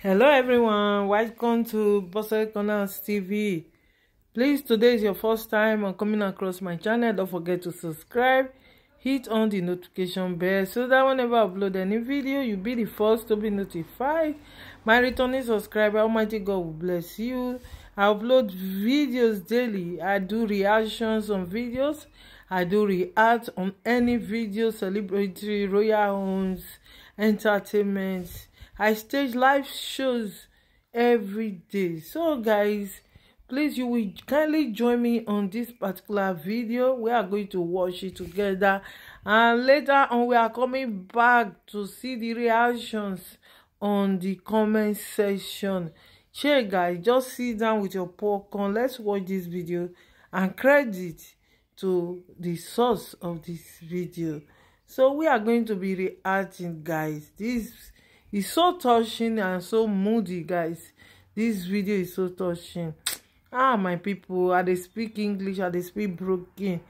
hello everyone welcome to Bose Corners TV please today is your first time on coming across my channel don't forget to subscribe hit on the notification bell so that whenever I upload any video you'll be the first to be notified my returning subscriber almighty God will bless you I upload videos daily I do reactions on videos I do react on any video celebratory, royal homes entertainment I stage live shows every day. So guys, please you will kindly join me on this particular video. We are going to watch it together. And later on, we are coming back to see the reactions on the comment section. Share guys, just sit down with your popcorn. Let's watch this video and credit to the source of this video. So we are going to be reacting guys. This it's so touching and so moody guys this video is so touching ah my people Are they speak english Are they speak broken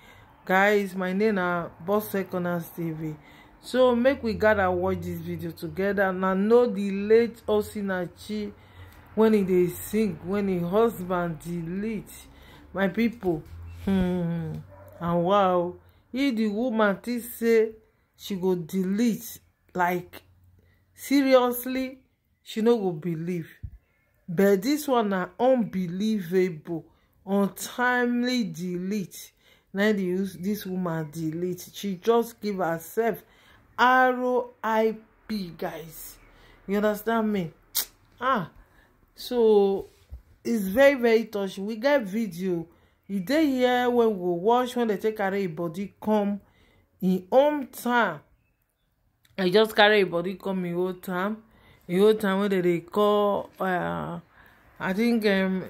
guys my name na boss secondas tv so make we gather watch this video together na know di late osinachi when e dey sing When im husband delete my people. hmm and wow if the woman think say she go delete like seriously she no go believe but this one na unbelievable untimely delete na dey use this woman delete she just give herself roip guys you understand me ah so it's very very touching we get video e dey here when we go watch wen dem take carry im body come im hometown i just carry a body come im old time, im old time wey dem dey call uh, i think um,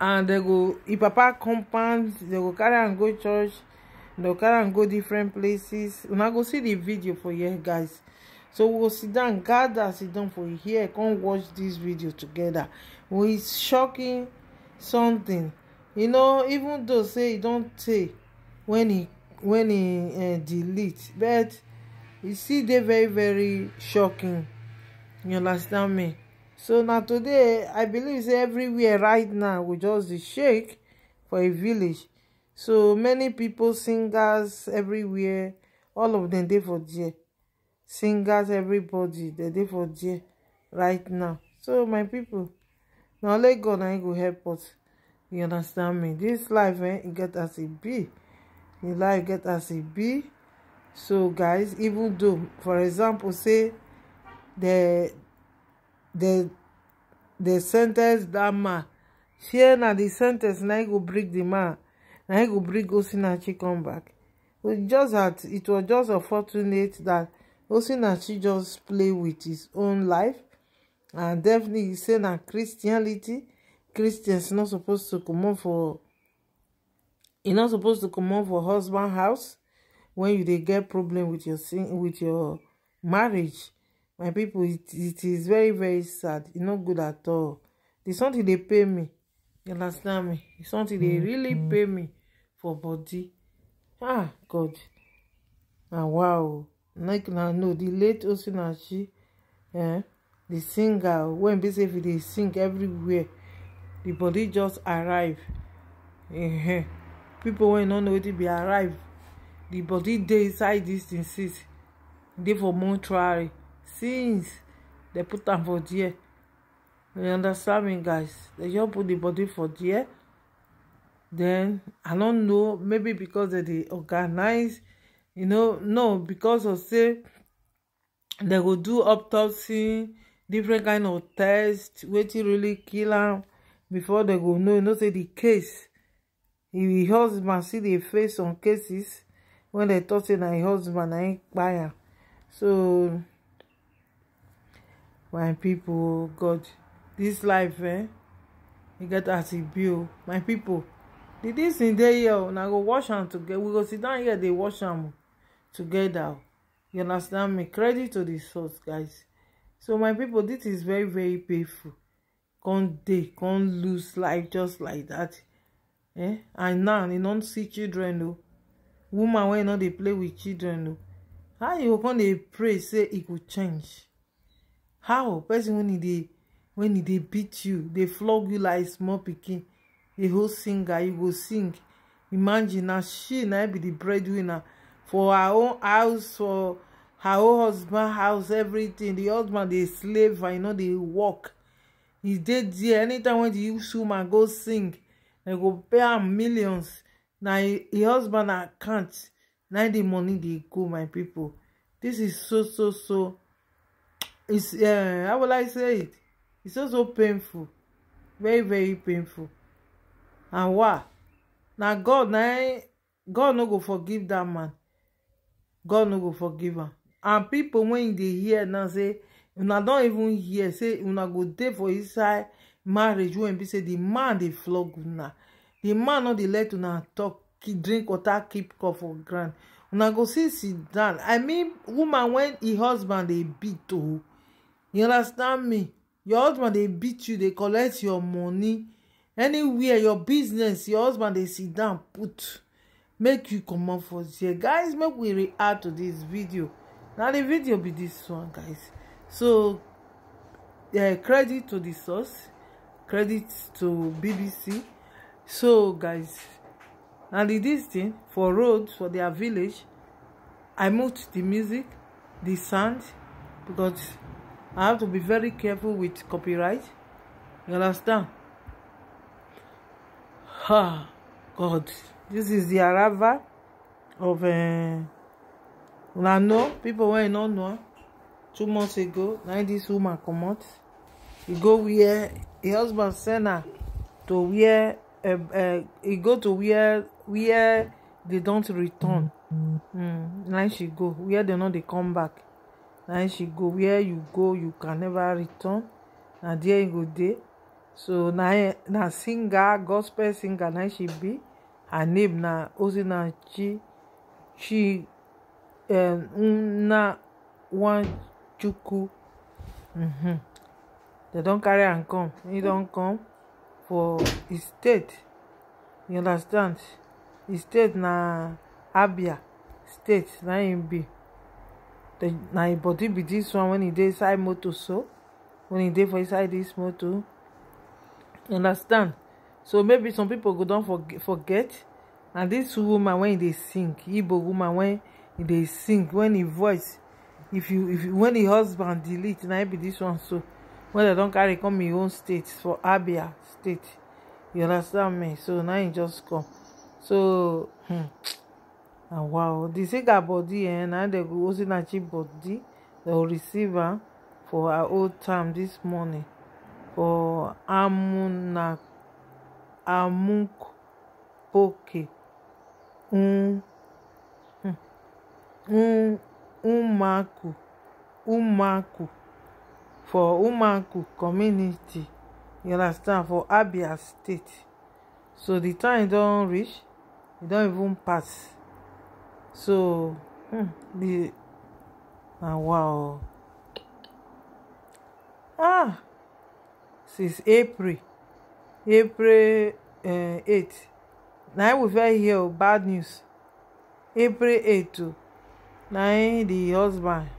and uh, dem go im papa compound dem go carry am go church dem go carry am go different places una go see the video for here guys so we go sit down gather sit down for here come watch this video together we shocking something you know even though say e don tey when e when e uh, delete but You e see, dey very very shocking you understand me so na today i believe say everywhere right now we just dey shake for a village so many people singers everywhere all of them dey for there singers everybody dem dey for there right now so my people, na only god na go help us you understand me This life eh e get as e be di life get as e be so guys even though for example say the the the sen that ma dat fear na the sen na e go break the ma, na e go bring osinachi come back but just that it was just unfortunate that osinachi just play with his own life and definitely he say na christianity christians not supposed to comot for He not supposed to comot for husband house when you they get problem with your with your marriage my people, it it is very very sad It's e not good at all di something they pay me you understand me di something they mm, really mm. pay me for body ah god ah wow like now, no the late osinachi eh The singer when basically they sing everywhere the body just arrive People when pipo wey no know wetin be arrive The body dey inside this thing since dey for mortuary since dem put am for there you understand me guys dem just put the body for there Then i no know maybe because dem dey organise you know no because of say dem go do autopsy different kind of test wetin really kill am before dem go know you know say di case if di husband still dey face some cases When dem tok say na im husband na im kpai am so my people, oh god this life eh e get as e be oh my people. di dis in dey here oh go wash am together we go sit down here dey wash am oh, together oh. you understand me credit to the source guys so my people, this is very very painful come dey come lose life just like that, eh and now e don see children o woman wey no dey play with children o how you go come dey pray say e go change how person wen e dey wen e dey beat you dey flog you like small pikin a whole singer you go sing imagine na she na be the breadwinner for her own house for her own husband house everything the husband dey slave and e no dey work e dey there anytime when the youth woman go sing dem go pay am millions Now, im husband account Now the money they go my people, this is so so so it's uh, how will i say it it's so so painful very very painful and what? Now god na god no go forgive that man god no go forgive her. and people when they hear now say una don't even hear say una go dey for inside marriage wey be say the man they flog now di man no dey let una talk drink water keep cup for ground una go see sit down i mean woman when e husband dey beat o you understand me your husband dey beat you dey collect your money anywhere your business your husband dey sit down put make you comot for there guys make we react to this video na the video be this one guys so yeah, credit to the source credit to bbc so guys and in this thing for roads for their village i moved the music the sound because i have to be very careful with copyright you understand ha oh, god this is the arrival of uh, lano people were not know two months ago Now this woman comot e go where her husband send her to where Um, uh, uh, go to where where they don't return mm, na she go where they no dey come back na she go where you go you can never return na there you go dey so na na singer gospel singer na she be her name na Osinachi chi um, na Nwachukwu mm -hmm. they don carry am come he don come for his state you understand his state na abia state na im be na im body be this one when he did inside motor so when he did for inside dis motor you understand so maybe some people go don't forget and this woman wen e dey sing igbo woman wen e dey sing When he voice if you if you when e husband delete na be this one so wen dem don't carry come your own state for abia state you understand me so now you just come so hmm, na ah, wow di singer body eh, na dem go osinachi body dem go receive am for our old time this morning for amuna amupoke Um, hmm. Um, umaku umaku for umaku community you understand for abia state so the time don reach e don even pass so hmm, the na wow ah since april april uh, eight na we first hear o bad news april eight o na the husband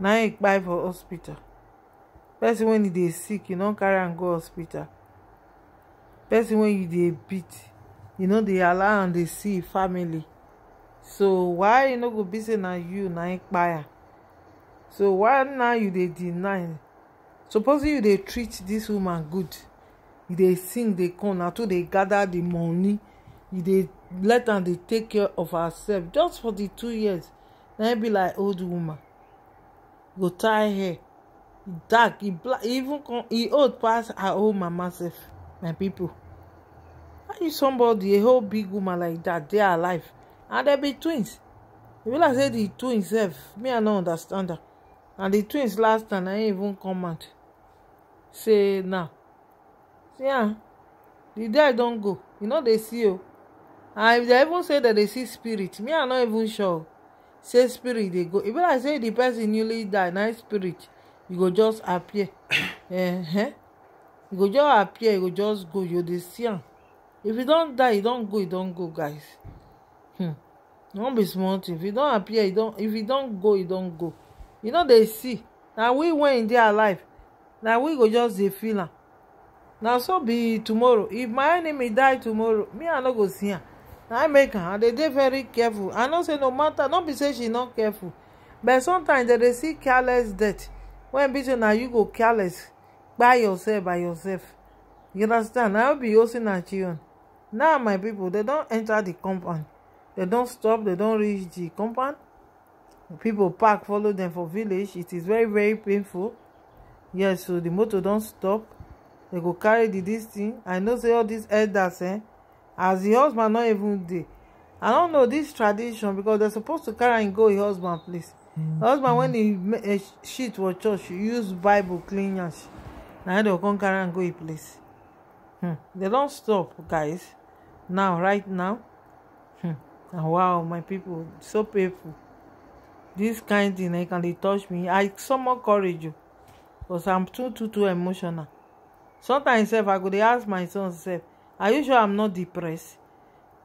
na he kpai for hospital person wen e dey sick you no carry am go hospital person wey you dey beat you no dey allow am dey see e family so why e no go be say na you na him e kpaya so why now you dey deny suppose you dey treat this woman good you dey sing dey come na to dey gather the money you dey let am dey take care of herself just for the two years na e be like old woman go tie hair dark he black even come e old pass her old mama sef my people. how you somebody a whole big woman like dat dey alive and they be twins e be say the twins sef me i no understand that. and the twins last time I im even come out say nah. see ah, the day I don't go you know they see o oh. and if dem even say that they see spirit me i not even sure say spirit they go e be say the person newly die na spirit you go just appear uh-huh. you go just appear you go just go you dey see am if you don die you don go you don go guys hmm. no be small thing if you don appear you don if you don go you don go you no dey see na we wey dey alive na we go just dey feel am na so be tomorrow if my enemy die tomorrow me i no go see am na i make am i dey dey very careful i know say no matter no be say she no careful but sometimes dem dey see careless death When be now you go careless by yourself by yourself you understand I will be hosting na children now my people, they don't enter the compound They don't stop They don't reach the compound People park follow them for village it is very very painful yes so the motor don't stop They go carry the this thing i know say all dis elders eh as the husband not even dey i don't know this tradition because dem supposed to carry and go di husband place husband he a eh, shit for church use bible clean yansh na im dem come carry am go im place hmm. dem don stop guys now right now hmm. and wow my people so painful this kind thing I e can dey touch me i summon courage o oh, because i'm too too too emotional sometimes sef i go dey ask my son sef are you sure i'm not depressed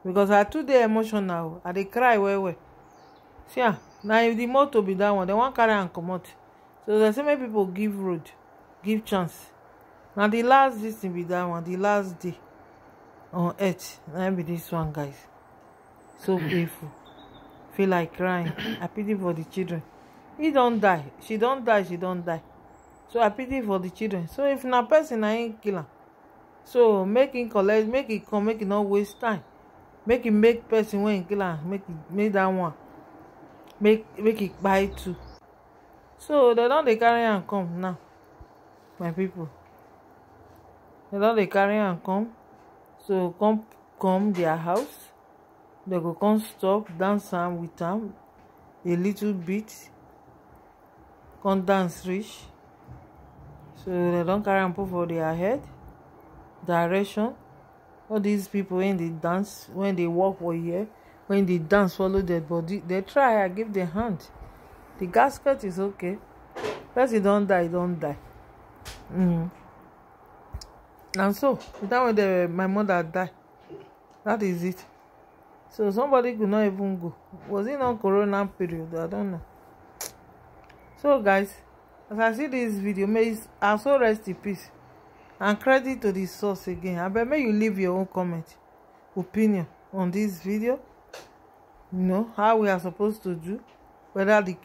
because i too dey emotional oh. i dey cry well well see am. Ah, na if the motor be that one they wan carry am comot so dem say make pipo give road give chance na the last dis thing be that one the last day on earth na be this one guys so painful feel like crying i pity for the children He don die she don die she don die so i pity for the children so if na person na him kill am so make him collect make him come make him no waste time make him make person wey him kill am make that one make make e kpai too so dem don dey carry am come now my pipo dem don dey carry am come so come come dia house dem go come stop dance am with am a little bit come dance reach so dem don carry am put for dia head direction all dis pipo wey dey dance wey dey work for here when they dance follow their body they try i give them hand the gasket is okay person don die don die mm. and so the time when the, my mother die that is it so somebody could not even go was it not corona period i don't know so guys as i see this video may you also rest in peace and credit to the source again abeg make you leave your own comment opinion on this video you know, how we are supposed to do, whether the